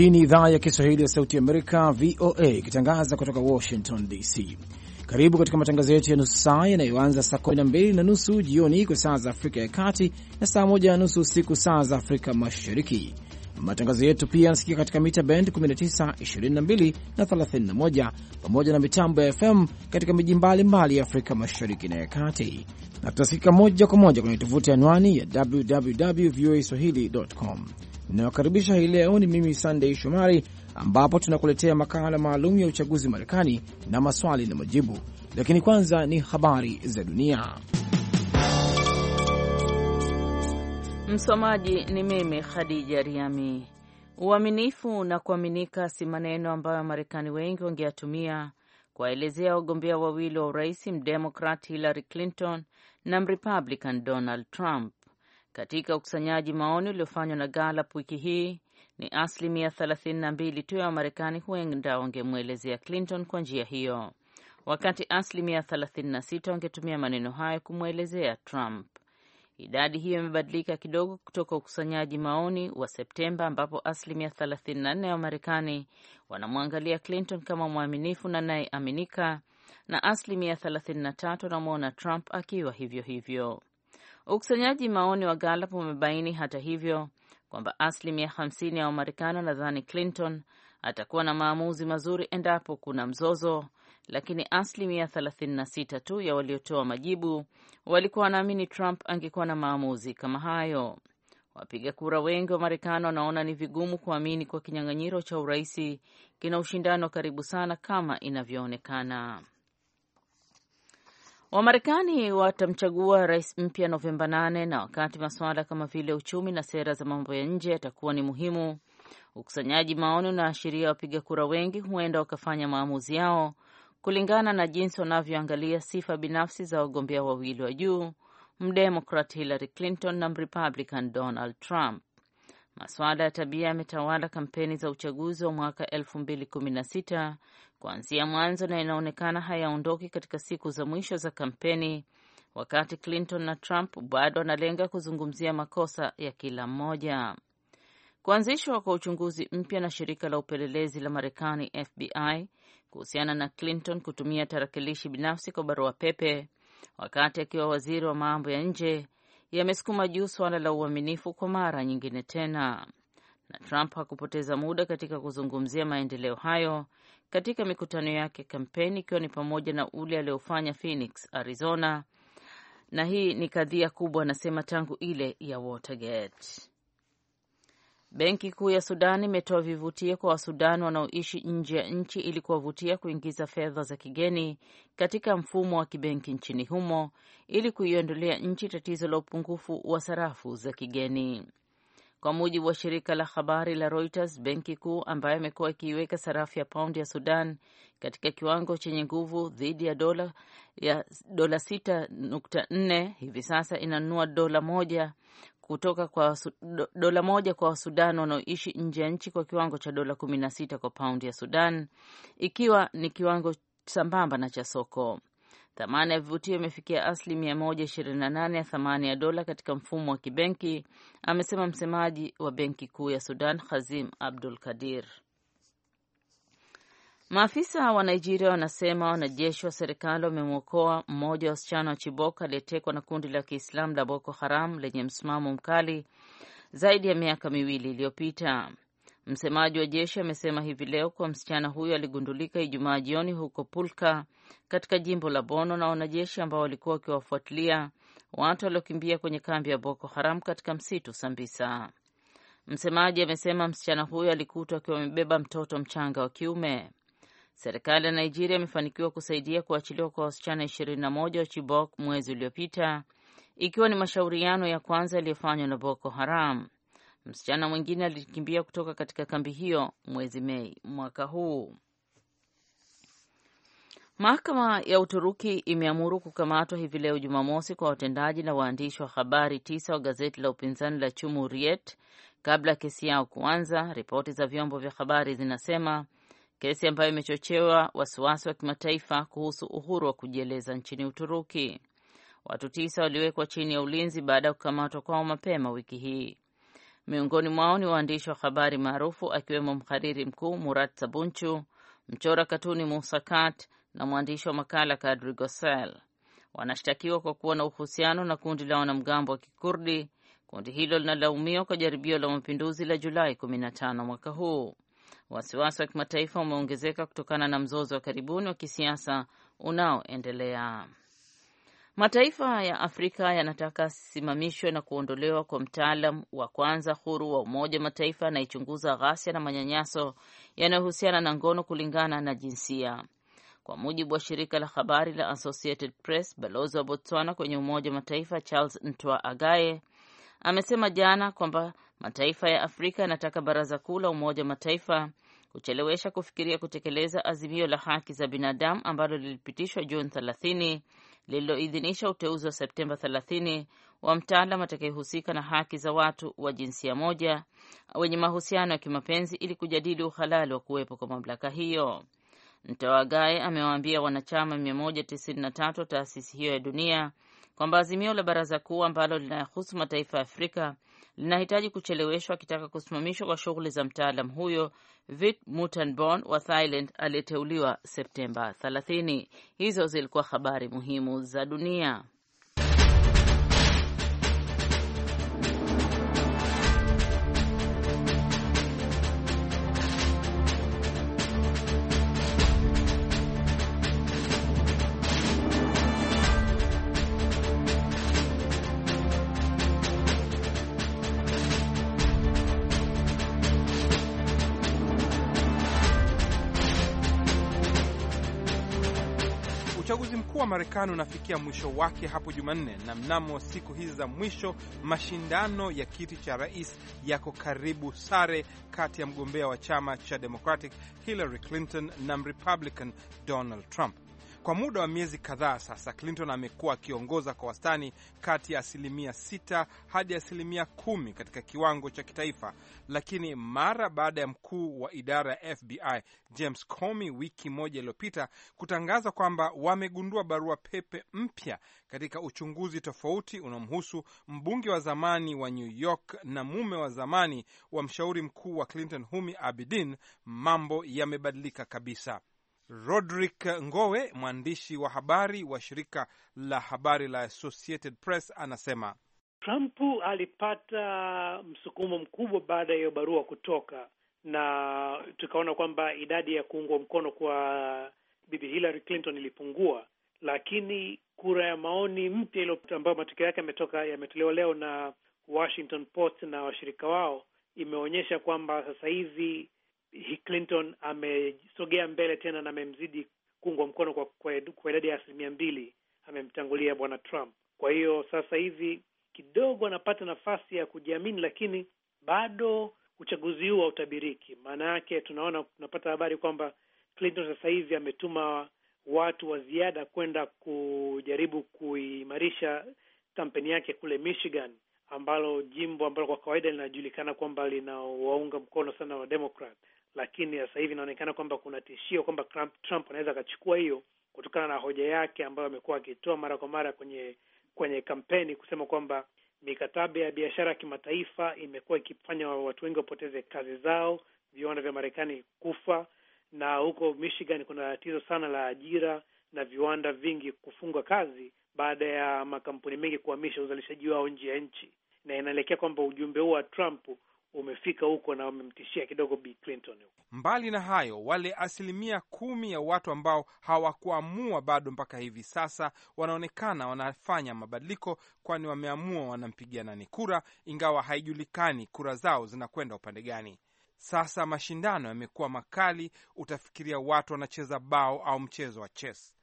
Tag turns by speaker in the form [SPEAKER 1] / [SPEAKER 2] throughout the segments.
[SPEAKER 1] Hii ni idhaa ya Kiswahili ya Sauti Amerika, VOA, ikitangaza kutoka Washington DC. Karibu katika matangazo yetu ya nusu saa yanayoanza saa 12 na nusu jioni kwa saa za Afrika ya Kati na saa 1 na nusu usiku saa za Afrika Mashariki Matangazo yetu pia yanasikika katika mita band 19, 22 na 31 pamoja na mitambo ya FM katika miji mbalimbali ya Afrika mashariki na ya kati, na tutasikika moja kwa moja kwenye tovuti anwani ya www voa swahili.com. Inayokaribisha hii leo ni mimi Sandei Shomari, ambapo tunakuletea makala maalum ya uchaguzi Marekani na maswali na majibu, lakini kwanza ni habari za dunia.
[SPEAKER 2] Msomaji ni mimi Khadija Riami. Uaminifu na kuaminika si maneno ambayo Wamarekani wengi wangeyatumia kuwaelezea wagombea wawili wa urais, Mdemokrat Hillary Clinton na Mrepublican Donald Trump. Katika ukusanyaji maoni uliofanywa na Gallup wiki hii, ni asilimia 32 tu ya Wamarekani huenda wangemwelezea Clinton kwa njia hiyo, wakati asilimia 36 wangetumia maneno hayo kumwelezea Trump. Idadi hiyo imebadilika kidogo kutoka ukusanyaji maoni wa Septemba ambapo asilimia 34 ya Wamarekani wanamwangalia Clinton kama mwaminifu na anayeaminika na asilimia 33 wanamwona Trump akiwa hivyo hivyo. Ukusanyaji maoni wa Gallup umebaini hata hivyo kwamba asilimia 50 ya Wamarekani wanadhani Clinton atakuwa na maamuzi mazuri endapo kuna mzozo lakini asilimia 36 tu ya waliotoa majibu walikuwa wanaamini Trump angekuwa na maamuzi kama hayo. Wapiga kura wengi wa Marekani wanaona ni vigumu kuamini kwa kinyang'anyiro cha uraisi kina ushindani wa karibu sana kama inavyoonekana. Wamarekani watamchagua rais mpya Novemba 8 na wakati masuala kama vile uchumi na sera za mambo ya nje yatakuwa ni muhimu, ukusanyaji maoni unaashiria wapiga kura wengi huenda wakafanya maamuzi yao kulingana na jinsi wanavyoangalia sifa binafsi za wagombea wawili wa juu, mdemokrat Hillary Clinton na mrepublican Donald Trump. Masuala ya tabia yametawala kampeni za uchaguzi wa mwaka 2016 kuanzia mwanzo, na inaonekana hayaondoki katika siku za mwisho za kampeni, wakati Clinton na Trump bado wanalenga kuzungumzia makosa ya kila mmoja. Kuanzishwa kwa uchunguzi mpya na shirika la upelelezi la Marekani FBI kuhusiana na Clinton kutumia tarakilishi binafsi kwa barua pepe wakati akiwa waziri wa mambo ya nje yamesukuma juu suala la uaminifu kwa mara nyingine tena, na Trump hakupoteza muda katika kuzungumzia maendeleo hayo katika mikutano yake kampeni, ikiwa ni pamoja na ule aliofanya Phoenix, Arizona, na hii ni kadhia kubwa, anasema tangu ile ya Watergate. Benki Kuu ya Sudan imetoa vivutio kwa Wasudan wanaoishi nje ya nchi ili kuwavutia kuingiza fedha za kigeni katika mfumo wa kibenki nchini humo ili kuiondolea nchi tatizo la upungufu wa sarafu za kigeni. Kwa mujibu wa shirika la habari la Reuters, benki kuu ambayo imekuwa ikiiweka sarafu ya paundi ya Sudan katika kiwango chenye nguvu dhidi ya dola ya dola 6.4 hivi sasa inanunua dola moja kutoka kwa dola moja kwa Wasudan wanaoishi nje ya nchi kwa kiwango cha dola kumi na sita kwa paundi ya Sudan, ikiwa ni kiwango sambamba na cha soko. Thamani ya vivutio imefikia asli 128 ya thamani ya dola katika mfumo wa kibenki, amesema msemaji wa benki kuu ya Sudan, Khazim Abdul Kadir. Maafisa wa Nigeria wanasema wanajeshi wa serikali wamemwokoa mmoja wa wasichana wa chiboka aliyetekwa na kundi la Kiislamu la Boko Haram lenye msimamo mkali zaidi ya miaka miwili iliyopita. Msemaji wa jeshi amesema hivi leo kuwa msichana huyo aligundulika Ijumaa jioni huko Pulka katika jimbo la Bono na wanajeshi ambao walikuwa wakiwafuatilia watu waliokimbia kwenye kambi ya Boko Haram katika msitu Sambisa. Msemaji amesema msichana huyo alikutwa akiwa amebeba mtoto mchanga wa kiume. Serikali ya Nigeria imefanikiwa kusaidia kuachiliwa kwa wasichana 21 wa Chibok mwezi uliopita, ikiwa ni mashauriano ya kwanza yaliyofanywa na Boko Haram. Msichana mwingine alikimbia kutoka katika kambi hiyo mwezi Mei mwaka huu. Mahakama ya Uturuki imeamuru kukamatwa hivi leo Jumamosi kwa watendaji na waandishi wa habari tisa wa gazeti la upinzani la Cumhuriyet kabla kesi yao kuanza. Ripoti za vyombo vya habari zinasema kesi ambayo imechochewa wasiwasi wa kimataifa kuhusu uhuru wa kujieleza nchini Uturuki. Watu tisa waliwekwa chini ya ulinzi baada ya kukamatwa kwao mapema wiki hii. Miongoni mwao ni waandishi wa habari maarufu akiwemo mhariri mkuu Murat Sabunchu, mchora katuni Musa Kat na mwandishi wa makala Kadri Gosel. Wanashtakiwa kwa kuwa na uhusiano na kundi la wanamgambo wa Kikurdi. Kundi hilo linalaumiwa kwa jaribio la mapinduzi la Julai 15 mwaka huu. Wasiwasi wa kimataifa umeongezeka kutokana na mzozo wa karibuni wa kisiasa unaoendelea. Mataifa ya Afrika yanataka simamishwe na kuondolewa kwa mtaalam wa kwanza huru wa Umoja wa Mataifa anayechunguza ghasia na manyanyaso yanayohusiana na ngono kulingana na jinsia. Kwa mujibu wa shirika la habari la Associated Press, balozi wa Botswana kwenye Umoja wa Mataifa Charles Ntwa Agaye amesema jana kwamba Mataifa ya Afrika yanataka Baraza Kuu la Umoja wa Mataifa kuchelewesha kufikiria kutekeleza azimio la haki za binadamu ambalo lilipitishwa Juni 30 lililoidhinisha uteuzi wa Septemba 30 wa mtaalam atakayehusika na haki za watu wa jinsia moja wenye mahusiano ya kimapenzi ili kujadili uhalali wa kuwepo kwa mamlaka hiyo. Mtawagae amewaambia wanachama 193 wa taasisi hiyo ya dunia kwamba azimio la baraza kuu ambalo linayahusu mataifa ya Afrika linahitaji kucheleweshwa, akitaka kusimamishwa kwa shughuli za mtaalam huyo Vic Mutanborn wa Thailand aliyeteuliwa Septemba 30. Hizo zilikuwa habari muhimu za dunia.
[SPEAKER 3] Marekani unafikia mwisho wake hapo Jumanne, na mnamo siku hizi za mwisho mashindano ya kiti cha rais yako karibu sare kati ya mgombea wa chama cha Democratic Hillary Clinton na Mrepublican Donald Trump. Kwa muda wa miezi kadhaa sasa, Clinton amekuwa akiongoza kwa wastani kati ya asilimia sita hadi asilimia kumi katika kiwango cha kitaifa, lakini mara baada ya mkuu wa idara ya FBI James Comey wiki moja iliyopita kutangaza kwamba wamegundua barua pepe mpya katika uchunguzi tofauti unaomhusu mbunge wa zamani wa New York na mume wa zamani wa mshauri mkuu wa Clinton Humi Abidin, mambo yamebadilika kabisa. Rodrick Ngowe, mwandishi wa habari wa shirika la habari la Associated Press, anasema
[SPEAKER 4] Trump alipata msukumo mkubwa baada ya hiyo barua kutoka, na tukaona kwamba idadi ya kuungwa mkono kwa bibi Hillary Clinton ilipungua, lakini kura ya maoni mpya ambayo matokeo yake yametoka yametolewa leo na Washington Post na washirika wao imeonyesha kwamba sasa hivi Clinton amesogea mbele tena na amemzidi kuungwa mkono kwa, kwa idadi ya asilimia mbili amemtangulia bwana Trump. Kwa hiyo sasa hivi kidogo anapata nafasi ya kujiamini, lakini bado uchaguzi huu hautabiriki. Maana yake tunaona tunapata habari kwamba Clinton sasa hivi ametuma watu wa ziada kwenda kujaribu kuimarisha kampeni yake kule Michigan, ambalo jimbo ambalo kwa kawaida linajulikana kwamba linawaunga mkono sana wa Democrat lakini sasa hivi inaonekana kwamba kuna tishio kwamba Trump anaweza akachukua hiyo kutokana na hoja yake ambayo amekuwa akitoa mara kwa mara kwenye kwenye kampeni kusema kwamba mikataba ya biashara ya kimataifa imekuwa ikifanya watu wengi wapoteze kazi zao, viwanda vya Marekani kufa, na huko Michigan kuna tatizo sana la ajira na viwanda vingi kufunga kazi baada ya makampuni mengi kuhamisha uzalishaji wao nje ya nchi, na inaelekea kwamba ujumbe huu wa Trump umefika huko na wamemtishia kidogo Bi Clinton huko.
[SPEAKER 3] Mbali na hayo, wale asilimia kumi ya watu ambao hawakuamua bado mpaka hivi sasa wanaonekana wanafanya mabadiliko, kwani wameamua wanampigia nani kura, ingawa haijulikani kura zao zinakwenda upande gani. Sasa mashindano yamekuwa makali, utafikiria watu wanacheza bao au mchezo wa chess.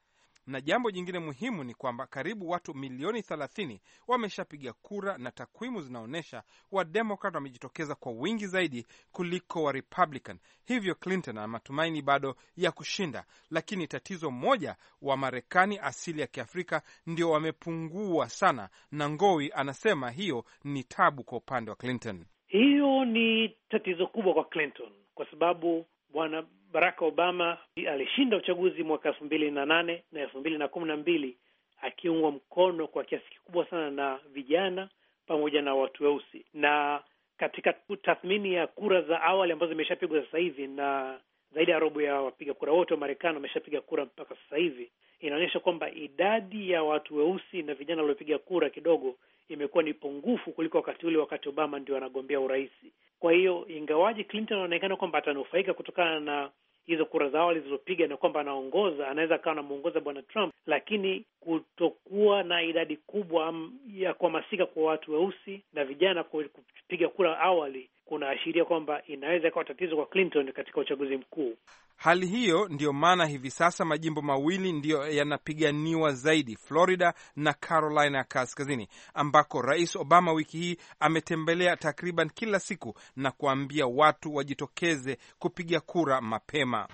[SPEAKER 3] Na jambo jingine muhimu ni kwamba karibu watu milioni 30 wameshapiga kura, na takwimu zinaonyesha Wademokrat wamejitokeza kwa wingi zaidi kuliko Warepublican. Hivyo Clinton ana matumaini bado ya kushinda, lakini tatizo moja, wa Marekani asili ya Kiafrika ndio wamepungua sana, na Ngowi anasema hiyo ni tabu kwa upande wa Clinton.
[SPEAKER 4] Hiyo ni tatizo kubwa kwa Clinton kwa sababu bwana Barack Obama alishinda uchaguzi mwaka elfu mbili na nane na elfu mbili na kumi na mbili akiungwa mkono kwa kiasi kikubwa sana na vijana pamoja na watu weusi. Na katika tathmini ya kura za awali ambazo zimeshapigwa sasa hivi, na zaidi ya robo ya wapiga kura wote wa Marekani wameshapiga kura mpaka sasa hivi, inaonyesha kwamba idadi ya watu weusi na vijana waliopiga kura kidogo imekuwa ni pungufu kuliko wakati ule wakati Obama ndio anagombea urais. Kwa hiyo ingawaji Clinton anaonekana kwamba atanufaika kutokana na hizo kura za awali zilizopiga na kwamba anaongoza, anaweza akawa anamuongoza bwana Trump, lakini kutokuwa na idadi kubwa ya kuhamasika kwa watu weusi na vijana kupiga kura awali kunaashiria kwamba inaweza ikawa tatizo kwa Clinton katika uchaguzi mkuu.
[SPEAKER 3] Hali hiyo ndiyo maana hivi sasa majimbo mawili ndiyo yanapiganiwa zaidi, Florida na Carolina ya Kaskazini, ambako Rais Obama wiki hii ametembelea takriban kila siku na kuambia watu wajitokeze kupiga kura mapema.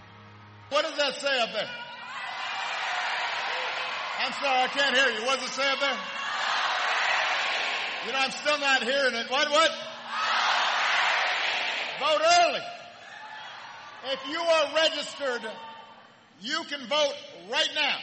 [SPEAKER 5] What Vote early. If you are registered, you can vote right now.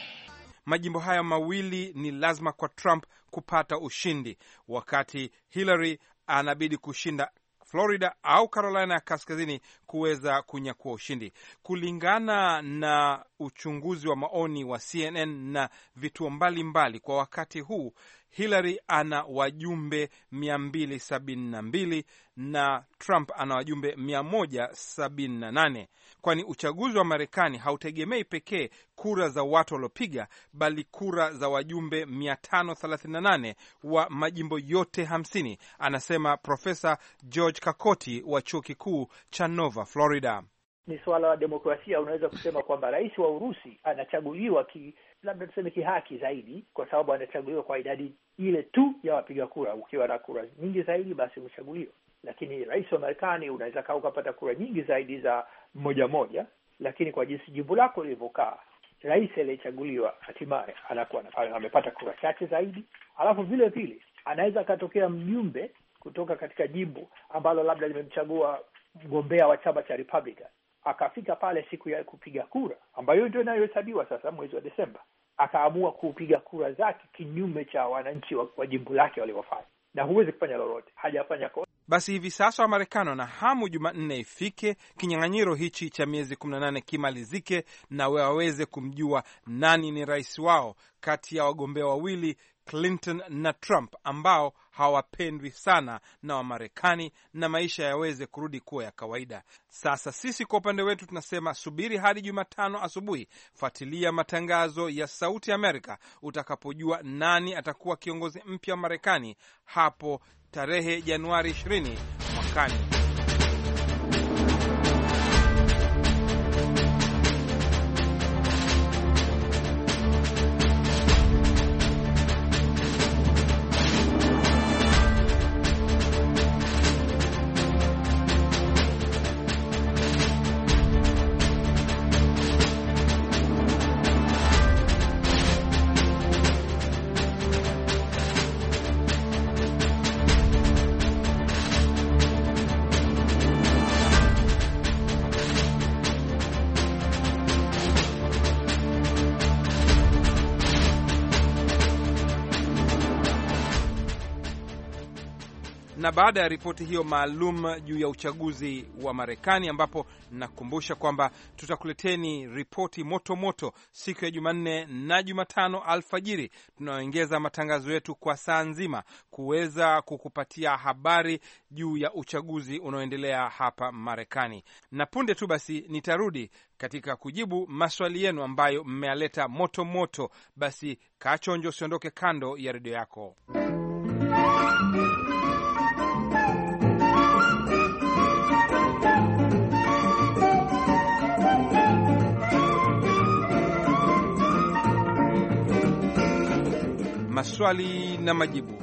[SPEAKER 3] Majimbo haya mawili ni lazima kwa Trump kupata ushindi, wakati Hillary anabidi kushinda Florida au Carolina ya kaskazini kuweza kunyakua ushindi. Kulingana na uchunguzi wa maoni wa CNN na vituo mbalimbali mbali, kwa wakati huu Hillary ana wajumbe 272 na Trump ana wajumbe 178, kwani uchaguzi wa Marekani hautegemei pekee kura za watu waliopiga, bali kura za wajumbe 538 wa majimbo yote 50, anasema Profesa George Kakoti wa chuo kikuu cha Nova Florida.
[SPEAKER 4] Ni suala la demokrasia. Unaweza kusema kwamba rais wa Urusi anachaguliwa ki labda tuseme kihaki zaidi, kwa sababu anachaguliwa kwa idadi ile tu ya wapiga kura. Ukiwa na kura nyingi zaidi, basi umechaguliwa. Lakini rais wa Marekani unaweza kaa ukapata kura nyingi zaidi za moja moja, lakini kwa jinsi jimbo lako lilivyokaa, rais aliyechaguliwa hatimaye anakuwa amepata kura chache zaidi. Alafu vile vile anaweza akatokea mjumbe kutoka katika jimbo ambalo labda limemchagua mgombea wa chama cha Republican akafika pale siku ya kupiga kura ambayo ndio inayohesabiwa sasa mwezi wa Desemba, akaamua kupiga kura zake kinyume cha wananchi wa, wa jimbo lake waliofanya, na huwezi kufanya lolote, hajafanya kosa.
[SPEAKER 3] Basi hivi sasa Wamarekani wana hamu Jumanne ifike, kinyang'anyiro hichi cha miezi 18 kimalizike, na waweze kumjua nani ni rais wao kati ya wagombea wawili Clinton na Trump ambao hawapendwi sana na Wamarekani na maisha yaweze kurudi kuwa ya kawaida. Sasa sisi kwa upande wetu tunasema subiri hadi Jumatano asubuhi, fuatilia matangazo ya Sauti Amerika utakapojua nani atakuwa kiongozi mpya wa Marekani hapo tarehe Januari 20 mwakani. baada ya ripoti hiyo maalum juu ya uchaguzi wa Marekani, ambapo nakumbusha kwamba tutakuleteni ripoti moto moto siku ya Jumanne na Jumatano alfajiri. Tunaongeza matangazo yetu kwa saa nzima kuweza kukupatia habari juu ya uchaguzi unaoendelea hapa Marekani, na punde tu basi nitarudi katika kujibu maswali yenu ambayo mmealeta moto moto. Basi kachonjo, usiondoke kando ya redio yako. maswali na majibu.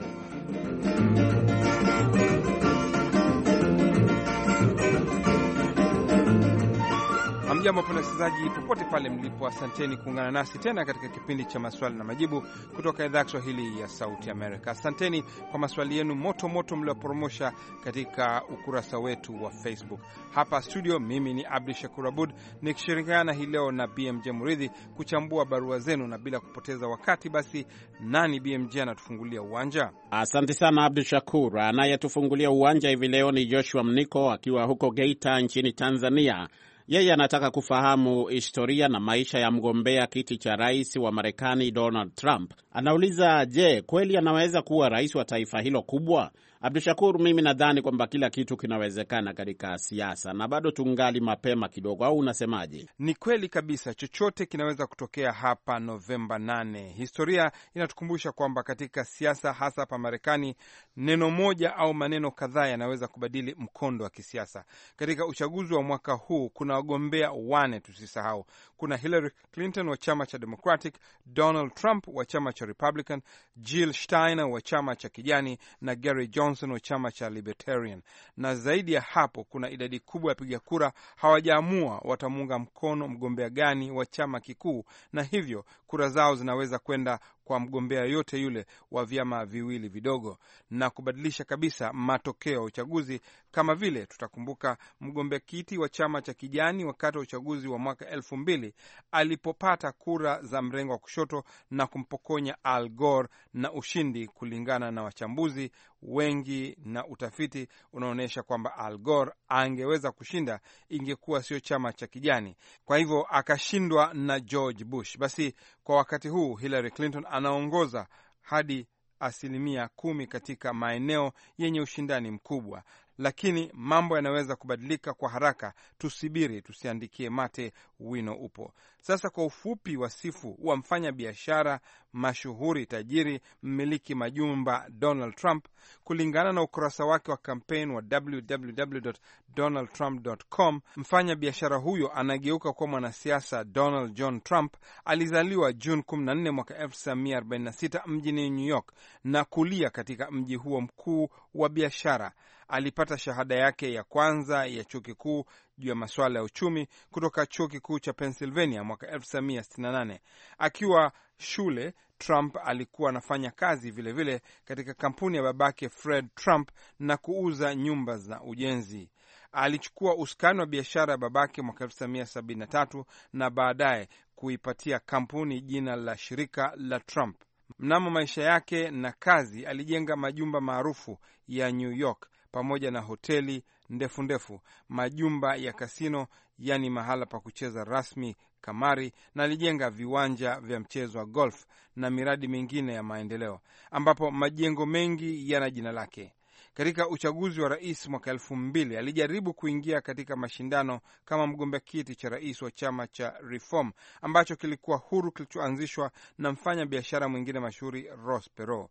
[SPEAKER 3] Hamjambo wapenda wasikilizaji, popote pale mlipo, asanteni kuungana nasi tena katika kipindi cha maswali na majibu kutoka idhaa ya Kiswahili ya Sauti Amerika. Asanteni kwa maswali yenu moto moto mlioporomosha katika ukurasa wetu wa Facebook. Hapa studio, mimi ni Abdu Shakur Abud nikishirikiana hii leo na BMJ Muridhi kuchambua barua zenu, na bila kupoteza wakati, basi nani BMJ anatufungulia uwanja?
[SPEAKER 5] Asante sana Abdu Shakur. Anayetufungulia uwanja hivi leo ni Joshua Mniko akiwa huko Geita nchini Tanzania. Yeye anataka kufahamu historia na maisha ya mgombea kiti cha rais wa Marekani Donald Trump. Anauliza, je, kweli anaweza kuwa rais wa taifa hilo kubwa? Abdu Shakur, mimi nadhani kwamba kila kitu kinawezekana katika siasa na bado tungali mapema kidogo, au unasemaje? Ni kweli kabisa, chochote kinaweza kutokea hapa Novemba 8. Historia inatukumbusha kwamba katika
[SPEAKER 3] siasa, hasa hapa Marekani, neno moja au maneno kadhaa yanaweza kubadili mkondo wa kisiasa. Katika uchaguzi wa mwaka huu kuna wagombea wane, tusisahau. Kuna Hillary Clinton wa chama cha Democratic, Donald Trump wa chama cha Republican, Jill Steiner wa chama cha kijani na Gary Jones Johnson wa chama cha Libertarian, na zaidi ya hapo kuna idadi kubwa ya piga kura hawajaamua watamuunga mkono mgombea gani wa chama kikuu, na hivyo kura zao zinaweza kwenda kwa mgombea yote yule wa vyama viwili vidogo na kubadilisha kabisa matokeo ya uchaguzi. Kama vile tutakumbuka, mgombea kiti wa chama cha Kijani wakati wa uchaguzi wa mwaka elfu mbili alipopata kura za mrengo wa kushoto na kumpokonya Al Gore na ushindi, kulingana na wachambuzi wengi na utafiti unaonyesha kwamba Al Gore angeweza kushinda ingekuwa sio chama cha Kijani. Kwa hivyo akashindwa na George Bush. Basi kwa wakati huu Hillary Clinton anaongoza hadi asilimia kumi katika maeneo yenye ushindani mkubwa, lakini mambo yanaweza kubadilika kwa haraka. Tusibiri, tusiandikie mate, wino upo. Sasa kwa ufupi, wasifu wa mfanya biashara mashuhuri, tajiri, mmiliki majumba Donald Trump, kulingana na ukurasa wake wa kampeni wa www.donaldtrump.com, mfanya biashara huyo anageuka kuwa mwanasiasa. Donald John Trump alizaliwa Juni 14 mwaka 1946 mjini New York na kulia katika mji huo mkuu wa biashara. Alipata shahada yake ya kwanza ya chuo kikuu juu ya masuala ya uchumi kutoka chuo kikuu cha Pennsylvania mwaka 1968. Akiwa shule, Trump alikuwa anafanya kazi vilevile vile katika kampuni ya babake Fred Trump na kuuza nyumba za ujenzi. Alichukua usukani wa biashara ya babake mwaka 1973 na baadaye kuipatia kampuni jina la shirika la Trump. Mnamo maisha yake na kazi, alijenga majumba maarufu ya New York pamoja na hoteli ndefu ndefu, majumba ya kasino, yaani mahala pa kucheza rasmi kamari, na alijenga viwanja vya mchezo wa golf na miradi mingine ya maendeleo, ambapo majengo mengi yana jina lake. Katika uchaguzi wa rais mwaka elfu mbili alijaribu kuingia katika mashindano kama mgombea kiti cha rais wa chama cha Reform ambacho kilikuwa huru kilichoanzishwa na mfanya biashara mwingine mashuhuri Ross Perot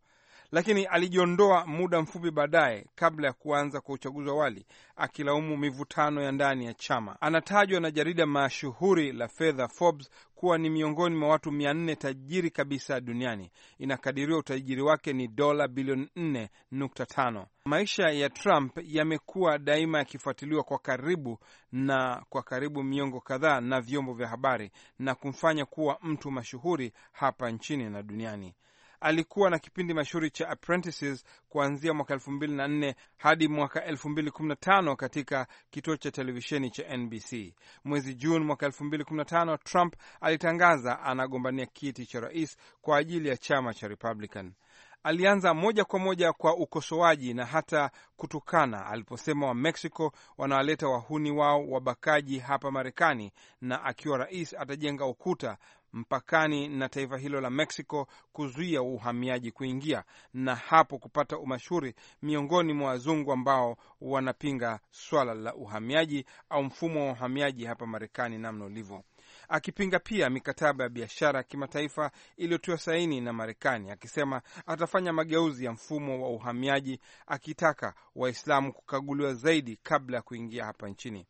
[SPEAKER 3] lakini alijiondoa muda mfupi baadaye kabla ya kuanza kwa uchaguzi wa awali, akilaumu mivutano ya ndani ya chama. Anatajwa na jarida mashuhuri la fedha Forbes kuwa ni miongoni mwa watu mia nne tajiri kabisa duniani. Inakadiriwa utajiri wake ni dola bilioni tano. Maisha ya Trump yamekuwa daima yakifuatiliwa kwa karibu na kwa karibu miongo kadhaa na vyombo vya habari na kumfanya kuwa mtu mashuhuri hapa nchini na duniani alikuwa na kipindi mashuhuri cha Apprentices kuanzia mwaka nne hadi mwaka tano katika kituo cha televisheni cha NBC. Mwezi Juni mwaka tano Trump alitangaza anagombania kiti cha rais kwa ajili ya chama cha Republican. Alianza moja kwa moja kwa ukosoaji na hata kutukana aliposema Wamexico wanawaleta wahuni wao wabakaji hapa Marekani, na akiwa rais atajenga ukuta mpakani na taifa hilo la Mexico kuzuia uhamiaji kuingia na hapo kupata umashuri miongoni mwa wazungu ambao wanapinga swala la uhamiaji au mfumo wa uhamiaji hapa Marekani namna ulivyo, akipinga pia mikataba ya biashara ya kimataifa iliyotiwa saini na Marekani, akisema atafanya mageuzi ya mfumo wa uhamiaji, akitaka Waislamu kukaguliwa zaidi kabla ya kuingia hapa nchini.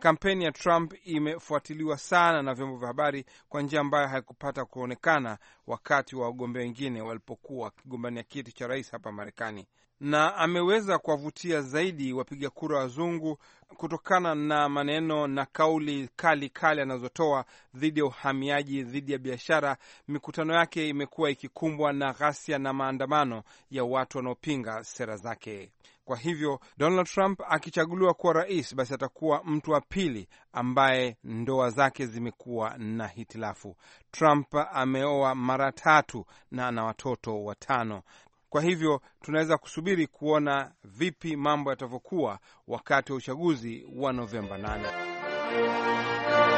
[SPEAKER 3] Kampeni ya Trump imefuatiliwa sana na vyombo vya habari kwa njia ambayo haikupata kuonekana wakati wa wagombea wengine walipokuwa wakigombania kiti cha rais hapa Marekani, na ameweza kuwavutia zaidi wapiga kura wazungu kutokana na maneno na kauli kali kali anazotoa dhidi ya uhamiaji, dhidi ya biashara. Mikutano yake imekuwa ikikumbwa na ghasia na maandamano ya watu wanaopinga sera zake. Kwa hivyo Donald Trump akichaguliwa kuwa rais, basi atakuwa mtu wa pili ambaye ndoa zake zimekuwa na hitilafu. Trump ameoa mara tatu na ana watoto watano. Kwa hivyo tunaweza kusubiri kuona vipi mambo yatavyokuwa wakati wa
[SPEAKER 5] uchaguzi wa Novemba
[SPEAKER 1] 8.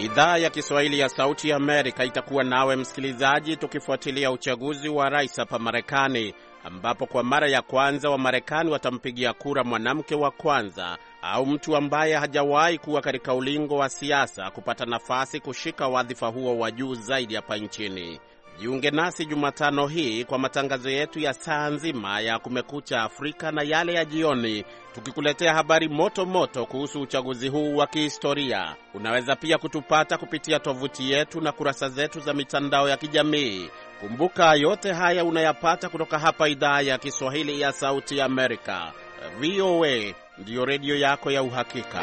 [SPEAKER 5] Idhaa ya Kiswahili ya Sauti ya Amerika itakuwa nawe msikilizaji, tukifuatilia uchaguzi wa rais hapa Marekani, ambapo kwa mara ya kwanza Wamarekani watampigia kura mwanamke wa kwanza au mtu ambaye hajawahi kuwa katika ulingo wa siasa kupata nafasi kushika wadhifa huo wa juu zaidi hapa nchini. Jiunge nasi Jumatano hii kwa matangazo yetu ya saa nzima ya Kumekucha Afrika na yale ya jioni, tukikuletea habari moto moto kuhusu uchaguzi huu wa kihistoria. Unaweza pia kutupata kupitia tovuti yetu na kurasa zetu za mitandao ya kijamii. Kumbuka, yote haya unayapata kutoka hapa idhaa ya Kiswahili ya Sauti ya Amerika. VOA ndiyo redio yako ya uhakika.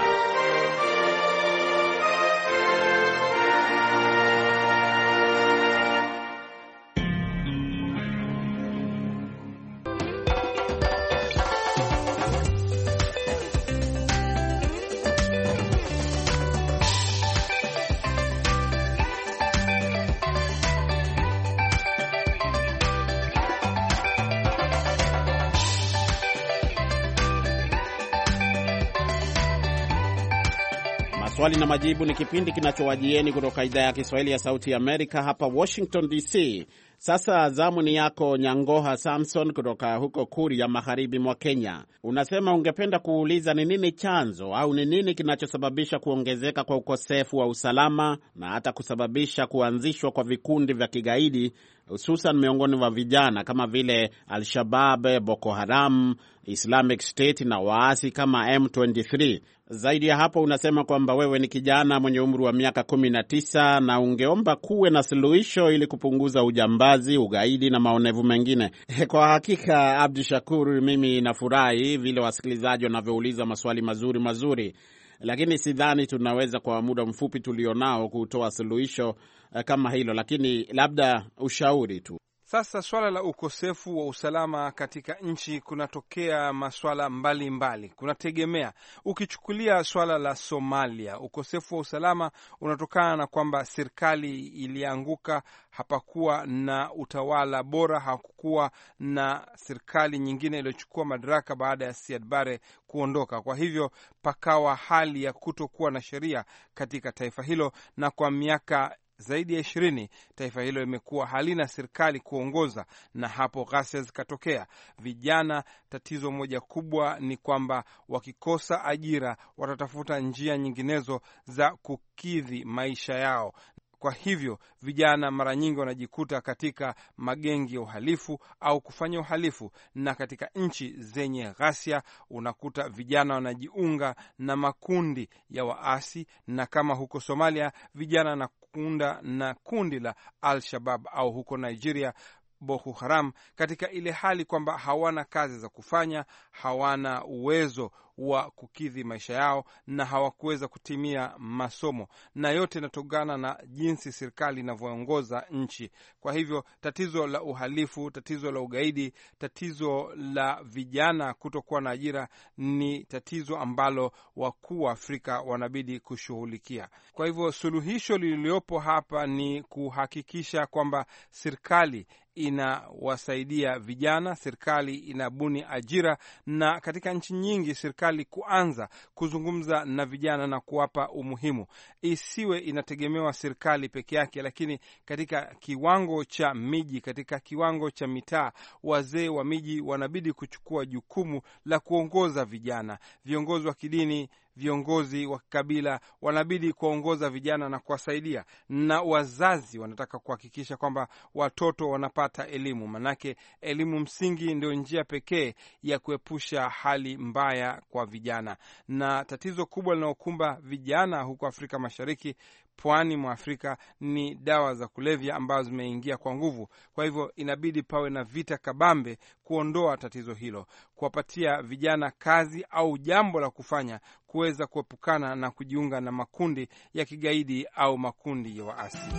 [SPEAKER 5] Maswali na Majibu ni kipindi kinachowajieni kutoka idhaa ya Kiswahili ya Sauti ya Amerika hapa Washington DC. Sasa zamu ni yako Nyangoha Samson kutoka huko Kuria, magharibi mwa Kenya. Unasema ungependa kuuliza ni nini chanzo au ni nini kinachosababisha kuongezeka kwa ukosefu wa usalama na hata kusababisha kuanzishwa kwa vikundi vya kigaidi hususan miongoni mwa vijana kama vile Al-Shabab, Boko Haram, Islamic State na waasi kama M23. Zaidi ya hapo, unasema kwamba wewe ni kijana mwenye umri wa miaka 19 na ungeomba kuwe na suluhisho ili kupunguza ujamba ujambazi, ugaidi na maonevu mengine. Kwa hakika, Abdu Shakur, mimi nafurahi vile wasikilizaji wanavyouliza maswali mazuri mazuri, lakini sidhani tunaweza kwa muda mfupi tulionao kutoa suluhisho eh, kama hilo, lakini labda ushauri tu
[SPEAKER 3] sasa swala la ukosefu wa usalama katika nchi kunatokea maswala mbalimbali, kunategemea. Ukichukulia swala la Somalia, ukosefu wa usalama unatokana na kwamba serikali ilianguka, hapakuwa na utawala bora, hakukuwa na serikali nyingine iliyochukua madaraka baada ya Siad Barre kuondoka. Kwa hivyo pakawa hali ya kutokuwa na sheria katika taifa hilo, na kwa miaka zaidi ya ishirini, taifa hilo limekuwa halina serikali kuongoza, na hapo ghasia zikatokea. Vijana, tatizo moja kubwa ni kwamba wakikosa ajira watatafuta njia nyinginezo za kukidhi maisha yao. Kwa hivyo vijana mara nyingi wanajikuta katika magengi ya uhalifu au kufanya uhalifu, na katika nchi zenye ghasia unakuta vijana wanajiunga na makundi ya waasi, na kama huko Somalia vijana na kuunda na kundi la Al Shabab au huko Nigeria Boko Haram katika ile hali kwamba hawana kazi za kufanya, hawana uwezo wa kukidhi maisha yao na hawakuweza kutimia masomo, na yote inatokana na jinsi serikali inavyoongoza nchi. Kwa hivyo tatizo la uhalifu, tatizo la ugaidi, tatizo la vijana kutokuwa na ajira ni tatizo ambalo wakuu wa Afrika wanabidi kushughulikia. Kwa hivyo suluhisho lililopo hapa ni kuhakikisha kwamba serikali inawasaidia vijana, serikali inabuni ajira, na katika nchi nyingi serikali kuanza kuzungumza na vijana na kuwapa umuhimu, isiwe inategemewa serikali peke yake, lakini katika kiwango cha miji, katika kiwango cha mitaa, wazee wa miji wanabidi kuchukua jukumu la kuongoza vijana, viongozi wa kidini viongozi wa kikabila wanabidi kuwaongoza vijana na kuwasaidia, na wazazi wanataka kuhakikisha kwamba watoto wanapata elimu, manake elimu msingi ndio njia pekee ya kuepusha hali mbaya kwa vijana. Na tatizo kubwa linalokumba vijana huko Afrika Mashariki pwani mwa Afrika ni dawa za kulevya ambazo zimeingia kwa nguvu. Kwa hivyo inabidi pawe na vita kabambe kuondoa tatizo hilo, kuwapatia vijana kazi au jambo la kufanya, kuweza kuepukana na kujiunga na makundi ya kigaidi au makundi ya waasi.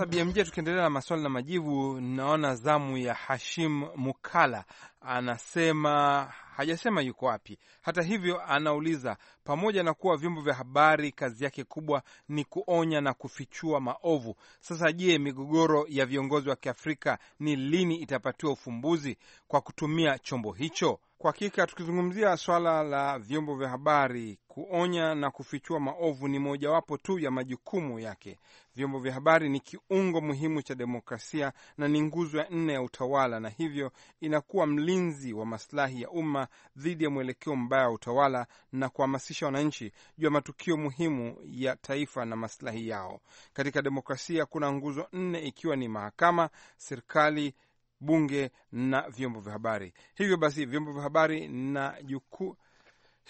[SPEAKER 3] sasa BMJ, tukiendelea na maswali na majibu, naona zamu ya Hashim Mukala anasema hajasema yuko wapi. Hata hivyo, anauliza pamoja na kuwa vyombo vya habari kazi yake kubwa ni kuonya na kufichua maovu, sasa je, migogoro ya viongozi wa Kiafrika ni lini itapatiwa ufumbuzi kwa kutumia chombo hicho? Kwa hakika, tukizungumzia swala la vyombo vya habari, kuonya na kufichua maovu ni mojawapo tu ya majukumu yake. Vyombo vya habari ni kiungo muhimu cha demokrasia na ni nguzo ya nne ya utawala, na hivyo inakuwa mli ulinzi wa maslahi ya umma dhidi ya mwelekeo mbaya wa utawala na kuhamasisha wananchi juu ya matukio muhimu ya taifa na maslahi yao. Katika demokrasia kuna nguzo nne, ikiwa ni mahakama, serikali, bunge na vyombo vya habari. Hivyo basi vyombo vya habari na jukuu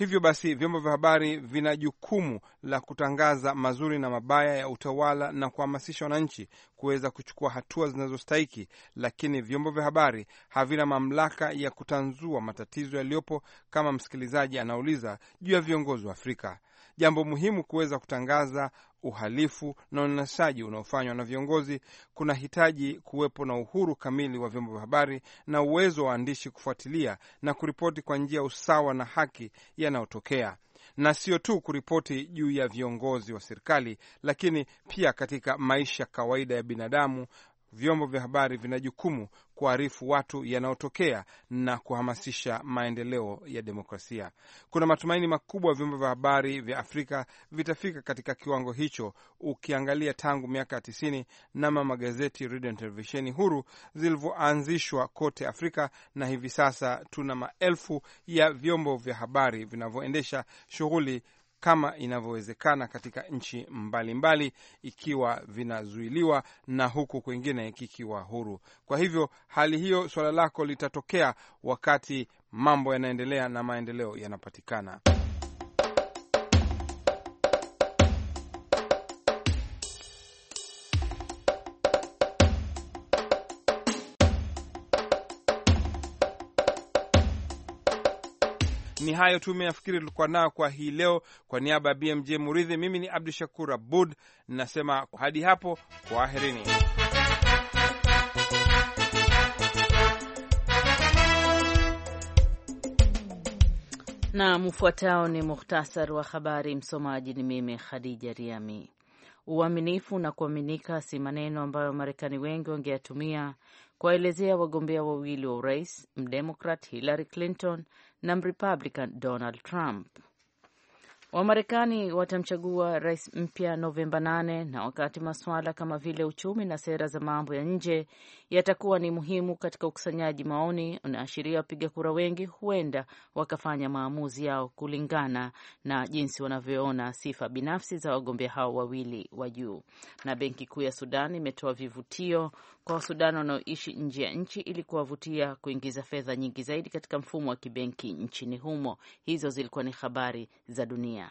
[SPEAKER 3] Hivyo basi vyombo vya habari vina jukumu la kutangaza mazuri na mabaya ya utawala na kuhamasisha wananchi kuweza kuchukua hatua zinazostahiki, lakini vyombo vya habari havina mamlaka ya kutanzua matatizo yaliyopo, kama msikilizaji anauliza juu ya viongozi wa Afrika jambo muhimu kuweza kutangaza uhalifu na unyanyasaji unaofanywa na viongozi. Kuna hitaji kuwepo na uhuru kamili wa vyombo vya habari na uwezo wa waandishi kufuatilia na kuripoti kwa njia usawa na haki yanayotokea, na sio tu kuripoti juu ya viongozi wa serikali, lakini pia katika maisha kawaida ya binadamu, vyombo vya habari vina jukumu kuarifu watu yanayotokea na kuhamasisha maendeleo ya demokrasia. Kuna matumaini makubwa vyombo vya habari vya Afrika vitafika katika kiwango hicho, ukiangalia tangu miaka ya tisini nama magazeti, redio na televisheni huru zilivyoanzishwa kote Afrika, na hivi sasa tuna maelfu ya vyombo vya habari vinavyoendesha shughuli kama inavyowezekana katika nchi mbalimbali, ikiwa vinazuiliwa na huku kwingine kikiwa huru. Kwa hivyo hali hiyo, suala lako litatokea wakati mambo yanaendelea na maendeleo yanapatikana. Ni hayo tu nafikiri tulikuwa nayo kwa hii leo. Kwa niaba ya BMJ Muridhi, mimi ni Abdu Shakur Abud nasema hadi hapo, kwaherini.
[SPEAKER 2] Na mfuatao ni muhtasar wa habari. Msomaji ni mimi Khadija Riami. Uaminifu na kuaminika si maneno ambayo Wamarekani wengi wangeyatumia kuwaelezea wagombea wawili wa urais, mdemokrat Hillary Clinton na mrepublican Donald Trump. Wamarekani watamchagua rais mpya Novemba 8 na wakati masuala kama vile uchumi na sera za mambo ya nje yatakuwa ni muhimu katika ukusanyaji maoni, unaashiria wapiga kura wengi huenda wakafanya maamuzi yao kulingana na jinsi wanavyoona sifa binafsi za wagombea hao wawili wa juu. Na Benki Kuu ya Sudan imetoa vivutio kwa Wasudan wanaoishi nje ya nchi ili kuwavutia kuingiza fedha nyingi zaidi katika mfumo wa kibenki nchini humo. Hizo zilikuwa ni habari za dunia.